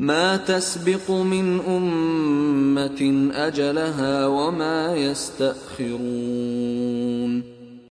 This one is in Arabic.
ما تسبق من أمة أجلها وما يستأخرون